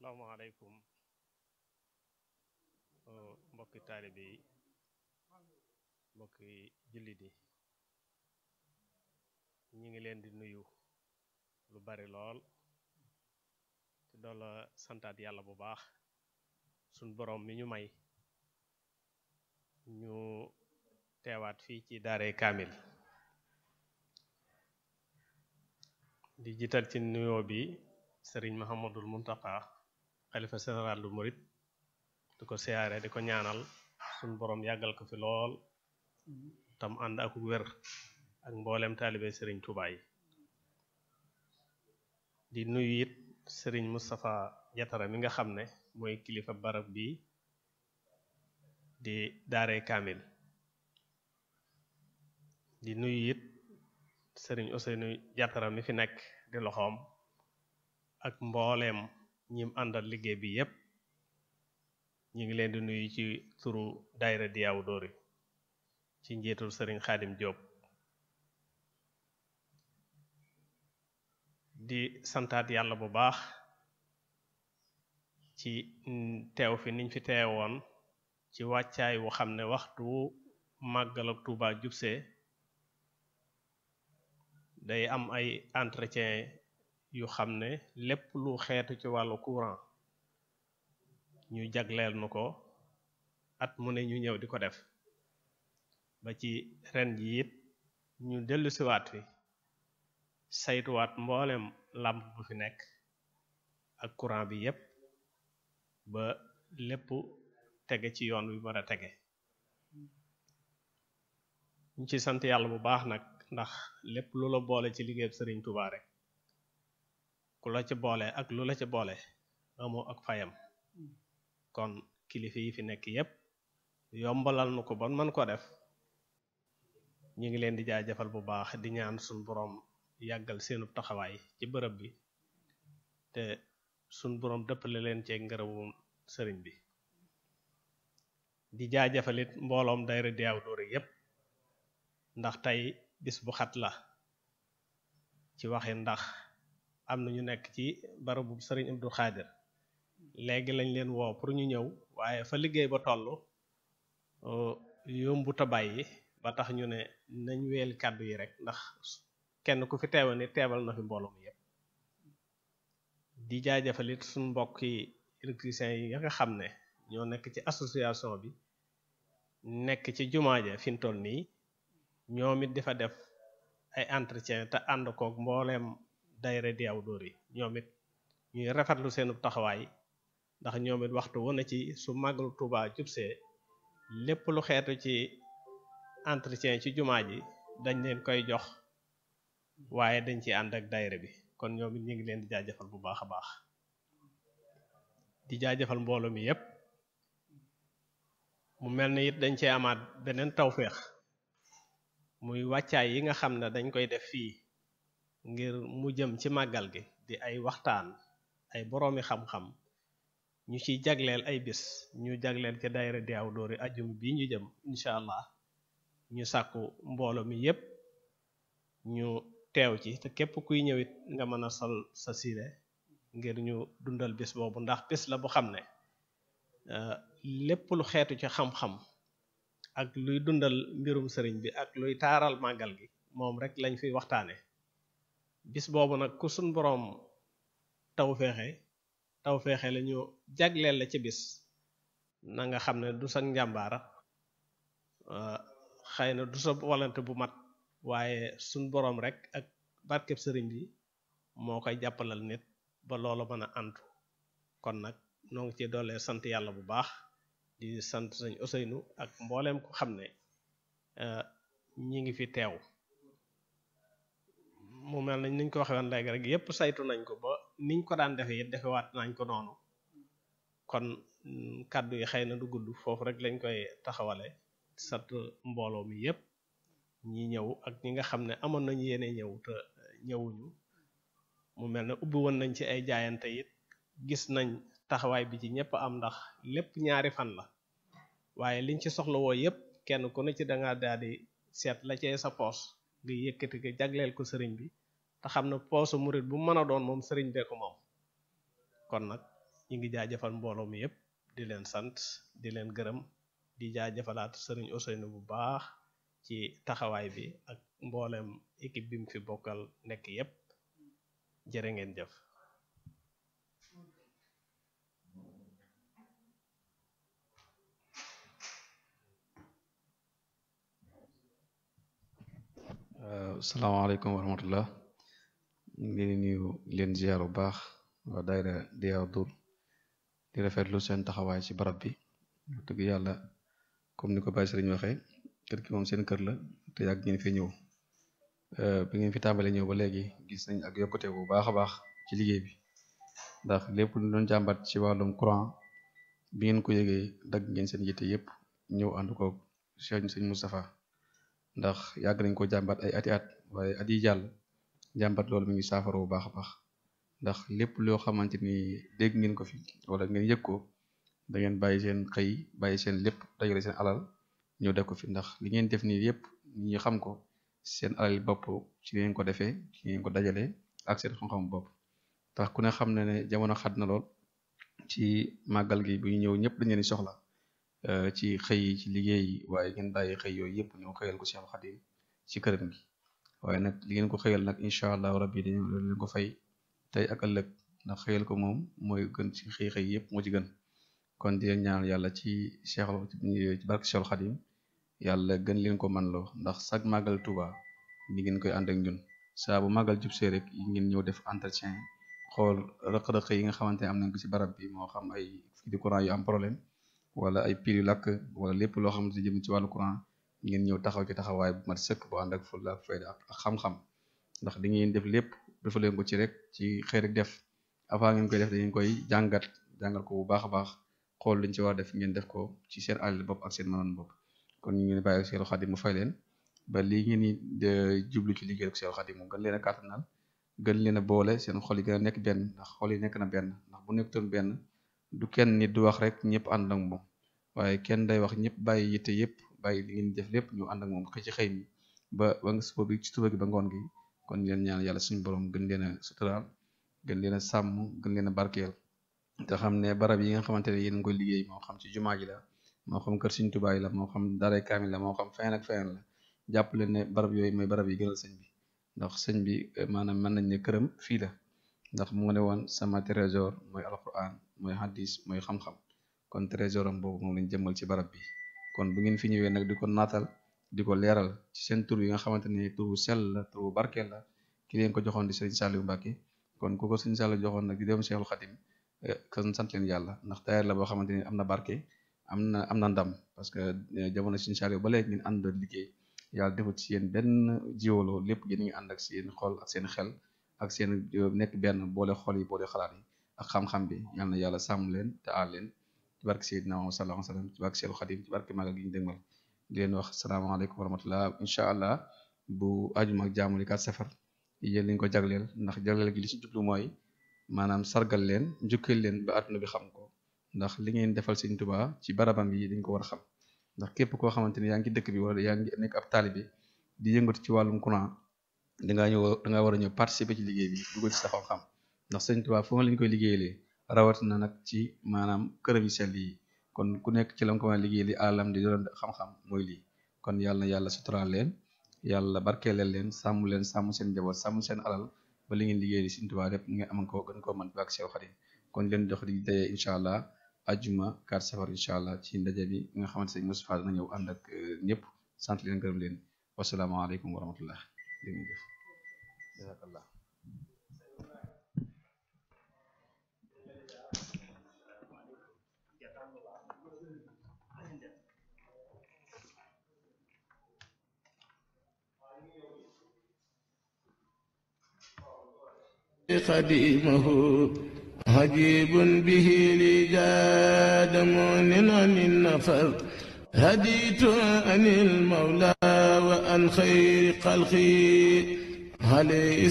salaamaaleykum mbokki taalibe bi mbokki jullit di ñi ngi leen di nuyu lu bari lool te doola santaat yàlla bu baax suñ boroom mi ñu may ñu teewaat fii ci daaray kaamil di jiital ci nuyoo bi sëriñ Muhammadul Muntaqa xalifa général lu murit di ko siyaare di ko ñaanal suñ borom yàggal ko fi lool tam ànd ak wér ak mboolem taalibe sëriñ Touba di nuyu it sëriñ Moustapha Jatara mi nga xam ne mooy kilifa barab bi di daare kaamil di nuyu it sëriñ Ousseynou Jatara mi fi nekk di loxoom ak mbooleem ñim àndal liggéey bi yépp ñu ngi leen di nuyu ci turu daayira Diyaw Dóori ci njiitul sëriñ Xaadim Jóob di santaat yàlla bu baax ci teew fi niñ fi teewoon ci wàccaay wu xam ne waxtu màggal ak Tuuba jubsee day am ay entretien yu xam ne lépp lu xeetu ci wàllu courant ñu jagleel nu ko at mu ne ñu ñëw di ko def ba ci ren ji it ñu dellu siwaat fi saytuwaat mboolem làmp bu fi nekk ak courant bi yépp ba lépp tege ci yoon wi mën a tege ñu ci sant yàlla bu baax nag ndax lépp lu la boole ci liggéeyab sëriñ Touba rek ku la ci boole ak lu la ci boole amoo ak fayam hmm. kon kilifa yi fi nekk yépp yombalal nu ko ban man ko def ñu ngi leen di jaajëfal bu baax di ñaan suñ boroom yàggal seenu taxawaay ci bërëb bi te suñ boroom dëppale leen cee ngërëmu sëriñ bi di jaajëfalit mbooloom dayra Diyaw Dóore yépp ndax tey bis bu xat la ci waxe ndax am na ñu nekk ci barabu sëriñ Abdou Khadir léegi lañ leen woo pour ñu ñëw waaye fa liggéey ba toll yombu ta bàyyi ba tax ñu ne nañ weel kàddu yi rek ndax kenn ku fi teewal ni teebal na fi mbooloo mi di jaajëfalit suñ mbokki électriciens yi nga xam ne ñoo nekk ci association bi nekk ci jumaa fi mu toll nii ñoom it di fa def ay entretien te ànd koog mbooleem daayira Diyaaw Dóor yi ñoom it ñuy rafetlu seenu taxawaay ndax ñoom it waxtu wu ne ci su màggalu Tuubaa jubsee lépp lu xeetu ci entretien ci jumaa ji dañ leen koy jox waaye dañ ci ànd ak daayira bi kon ñoom it ñu ngi leen di jaajëfal bu baax a baax di jaajëfal mbooloo mi yépp mu mel ni it dañ cee amaat beneen tawféex muy wàccaay yi nga xam ne dañ koy def fii ngir mu jëm ci màggal gi di ay waxtaan ay boroomi xam-xam ñu ciy jagleel ay bis ñu jagleel ci daayira Diaw Dóori ajum bii ñu jëm incha allah ñu sàkku mboolo mi yépp ñu teew ci te képp kuy ñëwit nga mën a sol sa siire ngir ñu dundal bis boobu ndax bis la bu xam ne euh, lépp lu xeetu ci xam-xam ak luy dundal mbirum sëriñ bi ak luy taaral màggal gi moom rek lañ fiy waxtaane bis boobu nag ku suñ boroom taw feexe taw feexe la ñu jagleel la ci bis nanga xam ne du sa njàmbaara ah, xëy na du sa walante bu mat waaye suñ boroom rek ak barkeb sëriñ bi moo koy jàppalal nit ba loola mën a antu kon nag noo ngi ci doolee sant yàlla bu baax di sant sëñ Ousseynou ak mbooleem ku xam ne ah, ñi ngi fi teew mu mel nañ niñ ko waxee woon léegi rek yépp saytu nañ ko ba niñ ko daan defee it defewaat nañ ko noonu kon mm, kàddu yi xëy na du gudd foofu rek lañ koy taxawale sant mbooloo mi yépp ñi ñëw ak ñi nga xam ne amoon nañu yéene ñëw te ñëwuñu mu mel ne ubbi woon nañ ci ay jaayante it gis nañ taxawaay bi ci ñépp am ndax lépp ñaari fan la waaye liñ ci soxla woo yépp kenn ku ne ci danga daal seet la cee sa poos nga yëkkati nga jagleel ko sëriñ bi te xam ne poosu murit bu mën a doon moom sëriñ bee ko moom kon nag ñu ngi jaajëfal mbooloo mi yëpp di leen sant di leen gërëm di jaajëfalaat sëriñ Ousseynou bu baax ci taxawaay bi ak mbooleem équipe bi mu fi bokkal nekk yëpp jërë ngeen jëf waaw euh, salaamaaleykum wa rahmatullah ñu leen nuyu leen ziar bu baax waa daayira Diyaw Duur di rafetlu seen taxawaay ci barab bi wax dëgg yàlla comme ni ko Baye Serigne waxee kër seen kër la te yàgg ngeen fi ñëw euh, bi ngeen fi tàmbalee ñëw ba léegi gis nañ ak yokkute bu baax a baax ci liggéey bi ndax lépp lu doon jàmbat ci wàllum courant bi ngeen ko yëgee dagg ngeen seen yitte yëpp ñëw ànd ko Serigne Moustapha. ndax yàgg nañ ko jàmbat ay ati at waaye at yi jàll jàmbat loolu mi ngi saafara bu baax a baax ndax lépp loo xamante ni dégg ngeen ko fi wala ngeen yëg ko da ngeen bàyyi seen xëy bàyyi seen lépp dajale seen alal ñëw def ko fi ndax li ngeen def nii yëpp ñi xam ko seen alal bopp ci ngeen ko defee ci ngeen ko dajale ak seen xam-xam ku ne xam na ne jamono xat na lool ci màggal gi bu ñëw ñëpp dañu leen soxla Euh, ci xëy ci liggéey waaye ngeen bàyyi xëy yooyu yëpp ñoo xëyal ko Cheikh Khadim ci këram gi waaye nag li ngeen ko xëyal nag incha allah rab rabbi dañu leen ko fay tey ak ëllëg ndax xëyal ko moom mooy gën ci xëy xëy yëpp moo ci gën kon di leen ñaanal yàlla ci Cheikh ci barke Cheikh Khadim yàlla gën leen ko man loo ndax sag màggal Touba ni ngeen koy ànd ak ñun saa bu màggal jub see rek yi ngeen ñëw def entretien xool rëq-rëq yi nga xamante ne am na ko ci barab bi moo xam ay fii di am problème wala ay piil yu lakk wala lépp loo xam ne jëm ci wàllu Quran ngeen ñëw taxaw ci taxawaay bu mat sëkk bu ànd ak fulla ak fayda a xam-xam ndax di ngeen def lépp dafa leen ko ci rek ci xëy def avant ngeen koy def dangeen koy jàngat jàngal ko bu baax a baax xool liñ ci war def ngeen def ko ci seen àll bopp ak seen mënoon bopp kon ñu ngeen bàyyi Seexul Xadim mu fay leen ba lii ngeen di jublu ci liggéey ak Seexul Xadim moom gën leen a kàttanal gën leen a boole seen xol yi gën a nekk benn ndax xol yi nekk na benn ndax bu nekk toon benn du kenn nit du wax rek ñëpp ànd ak moom waaye kenn day wax ñëpp bàyyi yitte yëpp bàyyi li ngeen def lépp ñu ànd ak moom xëy ci xëy mi ba ba nga suba bi ci suba gi ngoon gi kon leen ñaan yàlla suñu borom gën leen a suturaal gën leen sàmm gën leen a barkeel te xam ne barab yi nga xamante ne yéen nga koy liggéey moo xam ci jumaa ji la moo xam kër Sëriñ Tuubaa yi la moo xam daaray kaamil la moo xam feneen ak feneen la jàpp leen ne barab yooyu mooy barab yi gënal sëñ bi ndax sëñ bi maanaam mën nañ ne këram fii la ndax mu nga ne woon sama trésor mooy alquran mooy hadis mooy xam-xam kon trésor am boobu moom lañ jëmmal ci barab bi kon bu ngeen fi ñëwee nag di ko naatal di ko leeral ci seen tur yi nga xamante ni turu sell la turu barkeel la ki leen ko joxoon di sëriñ Saliou Mbacke kon ku ko sëriñ Saliou joxoon nag di dem Seexul Xadim kon yàlla ndax tailleur la boo xamante ni am na barke am na am na ndam parce que eh, jamono sëriñ Saliou ba léegi ngeen ànd doon liggéey yàlla defut ci yéen benn jiwaloo lépp yéen ngi ànd ak seen xol ak seen xel ak seen eh, nekk benn boole xol yi boole xalaat ak xam-xam bi yal na yàlla sàmm leen te aar leen ci barke Seydina Muhammad sallallahu alayhi wa sallam ci barke Seydou Xadim ci barke Magal gi ñu dégmal di leen wax salaamaaleykum wa rahmatullah incha allah bu ajuma ak jaamu safar yéen lañ ko jagleel ndax jagleel gi li ci jublu mooy maanaam sargal leen njukkal leen ba àdduna bi xam ko ndax li ngeen defal Sëriñ Tuubaa ci barabam yi dañ ko war a xam ndax képp koo xamante ni yaa ngi dëkk bi wala yaa ngi nekk ab taalibe di yëngatu ci wàllum courant dangaa ñëw dangaa war ñëw participer ci liggéey bi xam ndax sëñ Tuubaa foofu lañ koy liggéeyalee na nag ci maanaam këram yi sell yi kon ku nekk ci lam ko liggéey li alam di doon xam-xam mooy lii kon yàlla na yàlla sutural leen yàlla barkeeleel leen sàmm leen sàmm seen njaboot sàmm seen alal ba li ngeen liggéey li sëñ Tuubaa nga am ko gën koo mën baak kon leen dox di dayee incha allah ajuma 4 safar incha allah ci ndaje bi nga xamante sëñ Moustapha dana ñëw ànd ak euh, ñëpp sant leen gërëm leen wasalaamaaleykum wa rahmatullah jërëjëf قديمه عجيب به لي جاد مؤمن النفر هديت عن المولى وأن خير خلقي عليه